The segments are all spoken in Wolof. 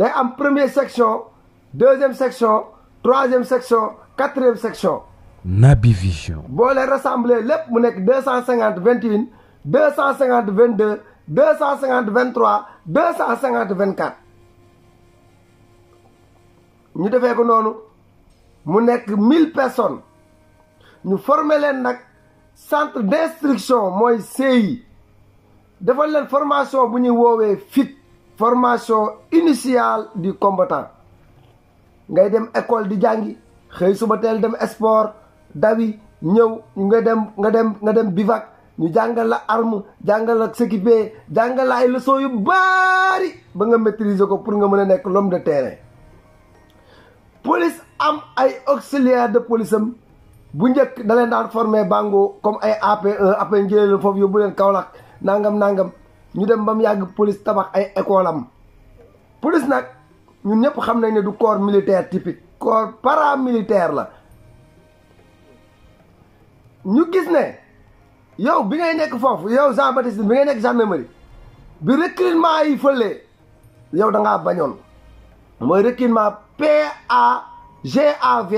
day am première section deuxième section troisième section quatrième section. Naby Vision. boo lépp mu nekk deux cent cinquante vingt et un cent cinquante vingt deux deux cent cinquante vingt trois deux cent cinquante vingt quatre ñu defee ko noonu mu nekk mille personnes ñu former leen nag centre d' instruction mooy CI defal leen formation bu ñuy woowee FIT. formation initiale di combattant ngay dem école di jàngi xëy suba teel dem sport dawi ñëw nga dem nga dem nga dem bivac ñu jàngal la arme jàngal la s'équiper jàngal la ay leçons yu ba nga maîtriser ko pour nga mën a nekk l'homme de terrain police am ay auxiliaire de police bu njëkk da leen daan former bango comme ay AP1 e, après njëlee foofu yóbbu leen Kaolack nangam nangam ñu dem bam yag police tabax ay école am police nak ñun ñep xam nañ ne du corps militaire typique corps paramilitaire la ñu gis ne yow bi ngay nek fofu yow Jean Baptiste bi ngay nek gendarmerie bi recrutement yi feulé yow da nga bañon moy recrutement PA GAV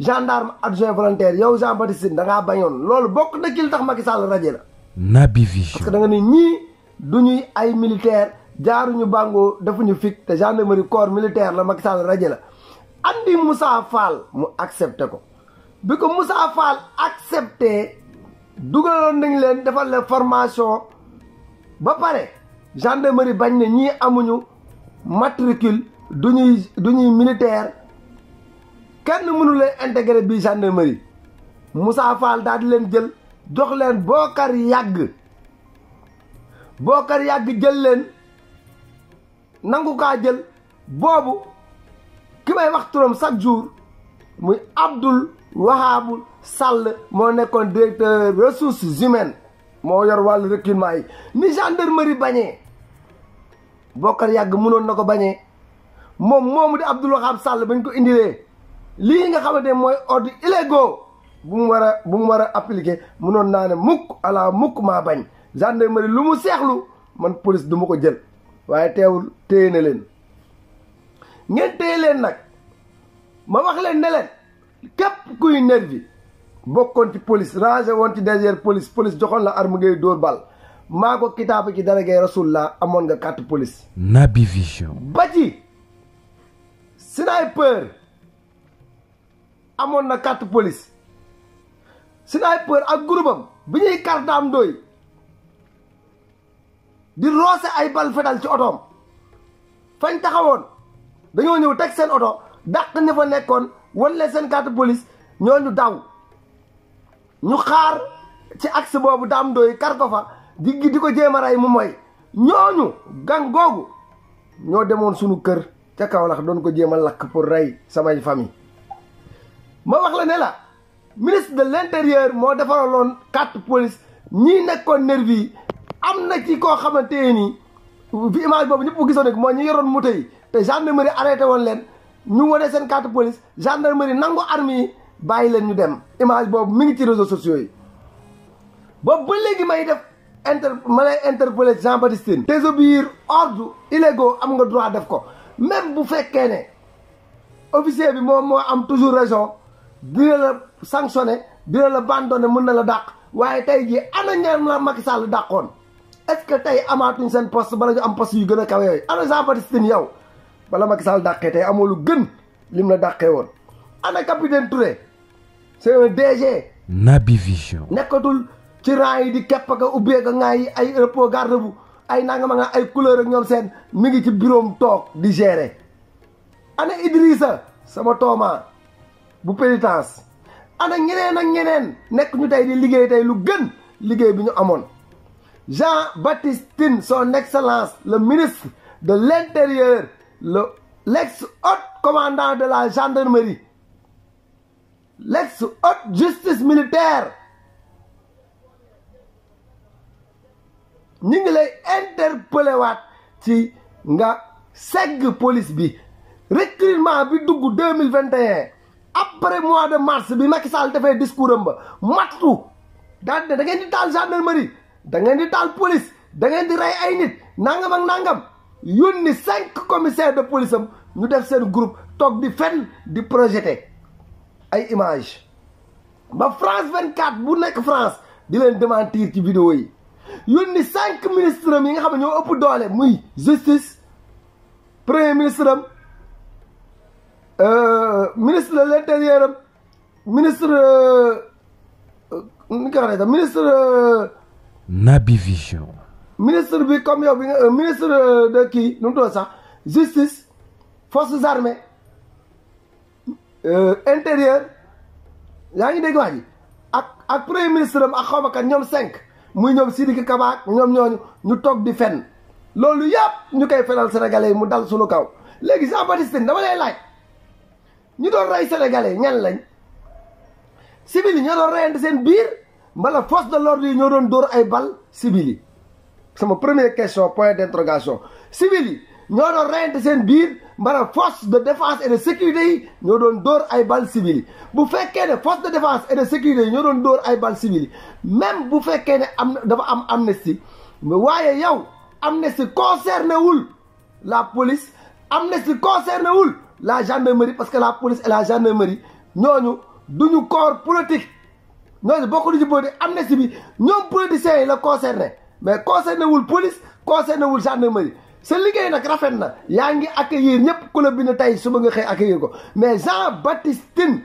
gendarme adjoint volontaire yow Jean Baptiste da nga bañon loolu bokk na ci tax Macky Sall radié la. Nabi Vision parce que da nga ni ñi du ñuy ay militaire jaaruñu bàngoo defuñu fig te gendarmerie corps militaire la Macky Sall rajo la andi Moussa Fall mu accepté ko bi ko Moussa Fall accepté dugaloon nañ leen defal leen formation ba pare gendarmerie bañ ne ñii amuñu matricule du ñuy du ñuy militaire kenn mënu leen intégré bii gendarmerie Moussa Fall daal di leen jël jox leen bookar yàgg bookar yàgg jël leen nangu kaa jël boobu ki may wax turam chaque jour muy Abdul Wahaabu sàll moo nekkoon directeur ressources humaines moo yor wàllu recrutement yi ni gendarmerie bañee bookar yàgg mënoon na ko bañee moom moomu di Abdul Wahab sàll bañ ko indilee lii nga xamante ne mooy ordre illégaux bu mu war a bu mu war a appliqué mënoon naa ne mukk ala mukk maa bañ gendarmerie lu mu seexlu man police du ma ko jël waaye teewul téye ne leen ngeen téye leen nag ma wax leen ne leen képp kuy nervi bokkoon ci police rangé woon ci derrière police police joxoon la arme ngay dóor bal maa ko kitaabu ci dara ngay rasulullah amoon nga carte police. Naby Vision. ba ci sniper amoon na carte police sniper ak groupam bi ñuy carte am di roose ay bal fetal ci otoom fañ taxawoon dañoo ñëw teg seen oto dàq ni fa nekkoon wan leen seen carte police ñooñu daw ñu xaar ci axe boobu daam doy kar ko fa di di ko jéem a rey mu mooy ñooñu gang googu ñoo demoon sunu kër ca kawlax doon ko jéem lakk pour rey samay famille ma wax la ne la ministre de l' moo defaraloon carte police ñii nekkoon nervi yi am na ci koo xamante nii bi image boobu ñëpp gisoon rek moo ñu yoroon moto yi te gendarmerie arrêté woon leen ñu wane seen carte police gendarmerie nangu armes yi bàyyi leen ñu dem image boobu mi ngi ci réseau sociaux yi. boobu ba léegi may def inter ma lay interpellé Jean Baptiste Tine. désobéir ordre illégaux am nga droit def ko même bu fekkee ne officier bi moom moo am toujours raison dina la sanctionné dina la bandonné mën na la dàq waaye tey jii ana ñaan la Macky Sall dàqoon. est ce que tey amaatuñ seen poste bala ñu am poste yu gën a kawe yooyu ana Jean Baptiste Tine yow bala Macky Sall dàqee tey amoo gën lim la dàqee woon ana capitaine Touré c' un DG. Naby Vision. nekkatul ci rang yi di kepp ka ubbee ka ngaa yi ay repos garde bu ay nangama nga ay couleur ak ñoom seen mi ngi ci bureau toog di gérer ana Idrissa sama tooma bu pénitence ana ñeneen ak ñeneen nekk ñu tey di liggéey tey lu gën liggéey bi ñu amoon. Jean-Baptiste Tine son excellence le ministre de l'intérieur le l'ex-haut commandant de la gendarmerie l'ex-haute justice militaire ñi ngi lay interpellé waat ci nga segg police bi recrutement bi dugg deux mille vingt et un après mois de mars bi Macky Sall dafay discours am ba mattu daal da ngeen di taal gendarmerie da ngeen di taal police da ngeen di rey ay nit nangam ak nangam yónni cinq commissaire de police am ñu def seen groupe toog di fenn di projeté ay image ba France 24 bu nekk France di leen démentir ci vidéo yi yónni cinq ministres am yi nga xam ne ñoo ëpp doole muy justice premier ministre am euh, ministre de l'intérieur ministre euh, nu ñu ministre. Euh, Nabi Vision. ministre bi euh, ministre euh, de qui nous ça. justice forces armées euh, intérieur y'a ngi ministre ak xawma kan ñom cinq muy ñom Sidiki Kaba ñom nous ñu di fenn sénégalais mu dal suñu kaw sénégalais ñan lañ la force de l'ordre nous ñoo doon à ay bal civil yi sama première question point d'interrogation civil yi ñoo de reyante sen biir la force de défense et de sécurité yi ñoo doon dóor ay bal civil bu force de défense et de sécurité nous ñoo doon dóor ay bal civil même bu faites ne am dafa am amnistie waaye yow amnestie concerne où la police amnestie concerne où la gendarmerie parce que la police et la gendarmerie ñooñu duñu corps politique ñooñu bokkul ci politique amnistie bi ñoom politiciens yi la concerné mais concerné wul police concerné wul gendarmerie sa liggéey nag rafet na yaa ngi accueillir ñëpp ku la bind tey suba nga xëy accueillir ko mais Jean Baptiste Tine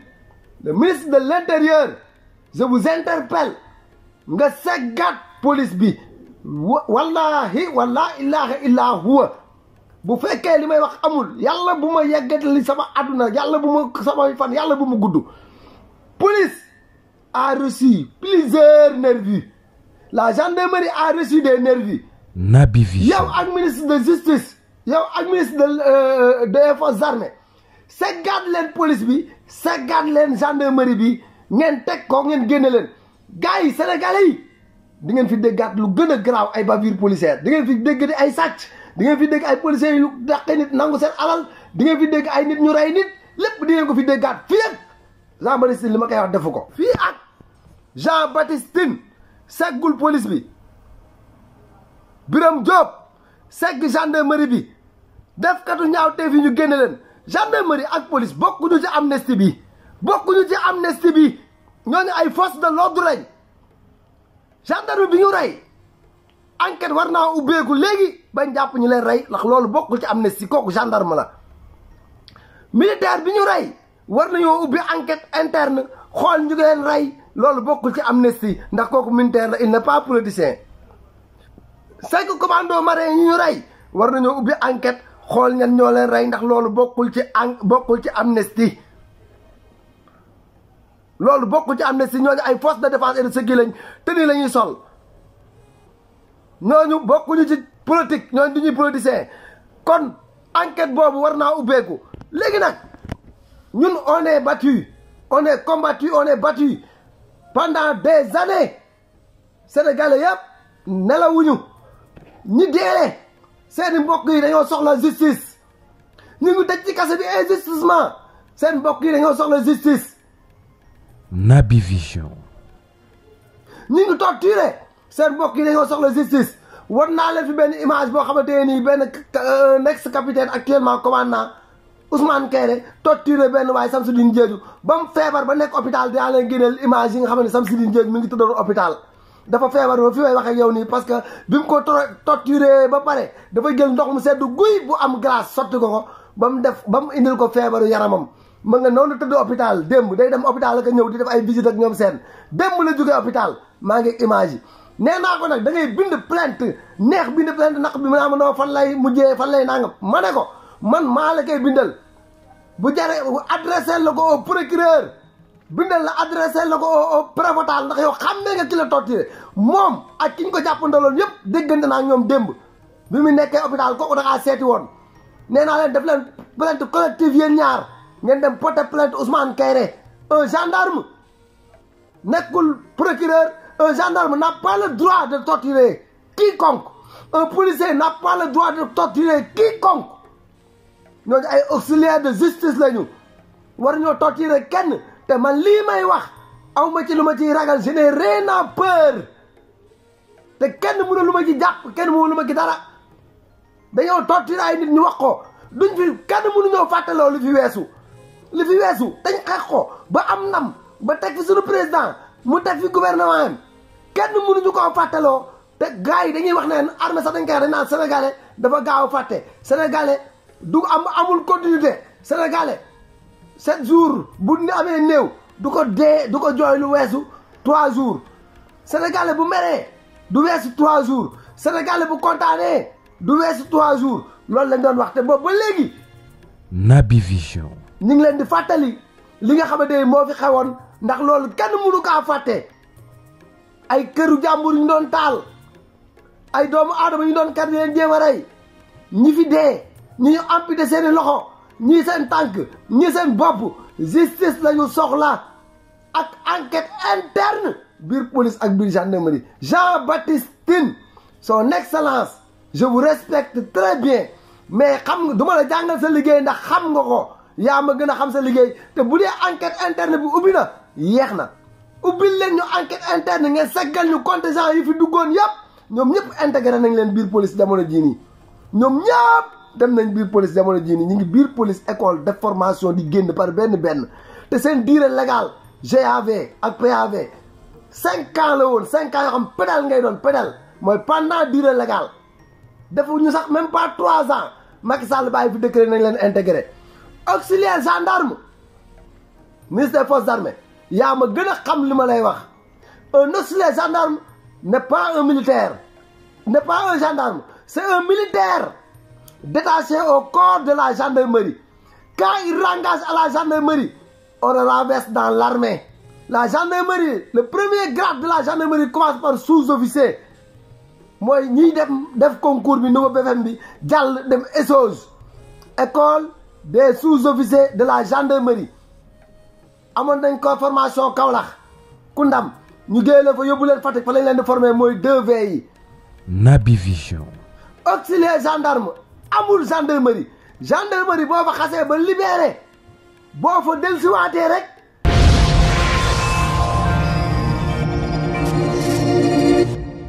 le ministre de l' intérieur je vous interpelle nga seggaat police bi wallahi wala ilaha illa huwa bu fekkee li may wax amul yàlla bu ma li sama àdduna yàlla bu ma sama fan yàlla bu ma gudd police a reçu plusieurs nervis la gendarmerie a reçu des nervis Naby Vision yow ak ministre de justice yow ak ministre de euh, euh, des forces armées seggaat leen police bi seggaat leen gendarmerie bi ngeen teg ko ngeen génne leen gars yi sénégalais yi di ngeen fi déggaat lu gën a garaaw ay bavure policière di ngeen fi dégg ay sàcc di ngeen fi dégg ay policiers yu dàqe nit nangu seen alal di ngeen fi dégg ay nit ñu rey nit lépp di ko fi déggaat fii yëpp gendarmerie li ma koy wax defu ko fii Jean Baptiste Tine seggul polis bi Biram Diop segg gendarmerie bi def katu ñaaw tey fi ñu génne leen gendarmerie ak police bokkuñu ci amnistie bi bokkuñu ci amnistie bi ñooñu ay force de l'ordre lañ gendarme bi ñu rey enquête war naa ubbeeku léegi bañ jàpp ñu leen rey ndax loolu bokkul ci amnistie kooku gendarme la militaire bi ñu rey war nañoo ubbi enquête interne xool ñu ngi leen rey loolu bokkul ci amnistie ndax kooku militaire la il n'est pas politicien cinq commando marin yi ñu rey war nañoo ubbi enquête xool ñan ñoo leen rey ndax loolu bokkul ci an bokkul ci amnistie loolu bokkul ci amnistie ñooñu ay force de défense et de sécurité lañ te nii la ñuy sol ñooñu bokkuñu ci politique ñooñu du ñuy politicien kon enquête boobu war naa ubbeeku léegi nag ñun on est battu on est combattu pendant des années sénégalais yëpp nelawuñu ñi deelee seeni mbokk yi dañoo la justice ñu ngi tëj ci kase bi injustement seen mbokk yi dañoo la justice Nabi Vision ñu ngi torturé seen mbokk yi dañoo la justice war naa leen fi benn image qui xamante nii benn euh, ex capitaine actuellement commandant Ousmane Kéré torturé benn waay Samsidine Diédhiou ba mu feebar ba nekk hôpital dinaa leen génneel image yi nga xam ne Samsidine Diédhiou mi ngi tëddoon hôpital dafa feebar ba fi may waxee yow nii parce que bi mu ko torturé ba pare dafa jël ndox mu sedd guy bu am glace sotti ko ko ba mu def ba mu indil ko feebaru yaramam ma nga noonu tëdd hôpital démb day dem hôpital ak ñëw di def ay visite ak ñoom seen démb la jógee hôpital maa ngi image yi nee naa ko nag da ngay bind plainte neex bind plainte naq bi mu naa ma noo fan lay mujjee fan lay nangam ma ne ko man maa la koy bindal bu jare adressé la ko au procureur bindal la adressé la ko au prévôtal ndax yow nga ki la torturé moom ak ki ko ko jàppandaloon yëpp déggante naa ñoom démb bi mu nekkee hôpital kooku da ngaa seeti woon nee naa leen def leen plainte collective yéen ñaar ngeen dem porter plainte Ousmane Kayré un gendarme nekkul procureur un gendarme n'a pas le droit de torturer quiconque un policier n'a pas le droit de torturer quiconque ñooñu ay auxiliaire de justice lañu war ñoo torturer kenn te man lii may wax awma ci lu ma ciy ragal je n'ai rien à te kenn mënu lu ma ci jàpp kenn mënu lu ma ci dara dañoo torturer ay nit ñu wax ko duñ fi kenn mënu ñoo fàttaloo lu fi weesu lu fi weesu dañ xeex ko ba am ndam ba teg fi suñu président mu teg fi gouvernement am kenn ko koo fàttaloo te gars yi dañuy wax neen armée sax dañ koy dañ naan sénégalais dafa gaaw fàtte sénégalais du am amul continuité sénégalais sept jours bu ni amee néew du ko dee du ko jooy lu weesu trois jours sénégalais bu meree du weesu trois jours sénégalais bu kontaanee du weesu trois jours loolu lañ doon waxte boobu ba léegi. Naby Vision. ñu ngi leen di fàttali li nga xamante ne moo fi xewoon ndax loolu kenn mënu kaa fàtte ay këru jàmbur ñu doon taal ay doomu aadama ñu doon kat leen jéem a rey ñi fi dee. ñi ñu amputé seeni loxo ñii seen tànk ñu seen bopp justice la ñu soxla ak enquête interne biir police ak biir gendarmerie Jean Baptiste Tine son excellence je vous respecte très bien mais xam nga du ma la jàngal sa liggéey ndax xam nga ko yaa ma gën a xam sa liggéey te bu dee enquête interne bi ubbi na yeex na ubbil leen ñu enquête interne ngeen seggal ñu contingent yi fi duggoon yëpp ñoom ñëpp intégré nañ leen biir police jamono jii nii ñoom ñëpp dem nañ biir police jamono jii nii ñu ngi biir police école de formation di génn par benn benn te seen durée légale GAV ak PAV 5 ans la woon ans yoo xam pénal ngay doon pénal mooy pendant durée légale defuñu sax même pas 3 ans Macky Sall pas fi décret nañ leen intégré auxiliaire gendarme ministre des forces armées yaa ma gën a xam li ma lay wax un auxiliaire gendarme n'est pas un militaire n'est pas un gendarme c'est un militaire détaché au corps de la gendarmerie. Quand il rentre à la gendarmerie, on le dans l'armée. La gendarmerie, le premier grade de la gendarmerie commence par sous-officier. moi ni dem def concours nouveau école des sous-officiers de la gendarmerie une formation auxiliaire gendarme amul gendarmerie gendarmerie boo fa xasee ba libéré boo fa dellusiwaatee rek